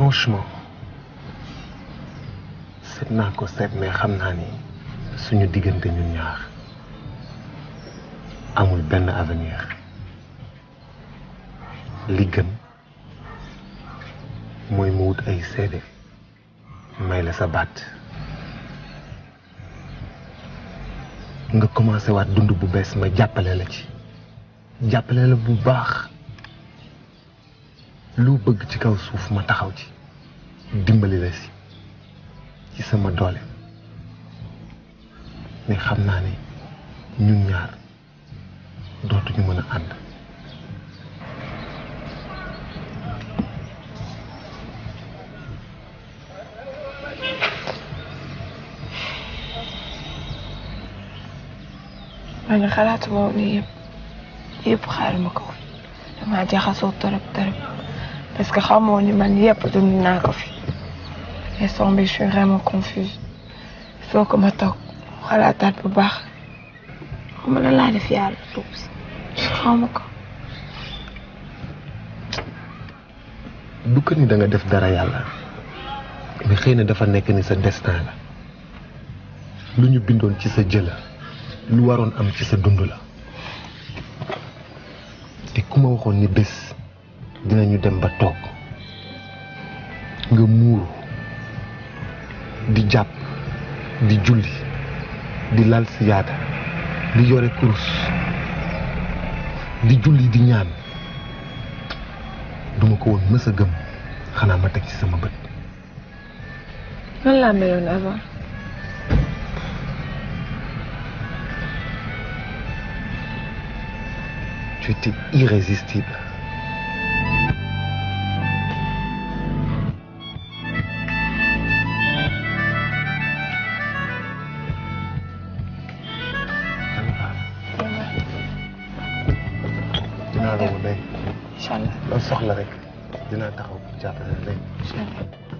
franchement seet naa ko seet mais xam naa ni suñu diggante ñun ñaar amul benn avenir li gën mooy mu wut ay seede may la sa baat nga commencé waat dund bu bees ma jàppale la ci jàppale la bu baax lu bëgg ci kaw suuf ma taxaw ci dimbali la si ci sama doole mais xam naa ne ñun ñaar dootuñu mën a ànd man xalaatuma woon ne yëpp yëpp xaar ma ko damaa jaxasoo torop torop parce que xamoo ni man yëpp dund naa ko fi instant bi je suis confuse soo ko ma toog xalaataat bu baax xam nga laa def yàlla suuf si ma ko. du ni da def dara yàlla mais xëy na dafa nekk ni sa destin la lu ñu bindoon ci sa jëla lu waroon am ci sa dund la te ku ma waxoon ni bés. ñu dem ba toog nga muuru di jàpp di julli di lal siyaada di yore kurus di julli di ñaan duma ko woon mës a gëm xanaa ma teg ci sama bët lan laa avant dinaa la woo léegi. incha allah loolu soxla rek dinaa taxaw pour jàppale léegi. incha allah.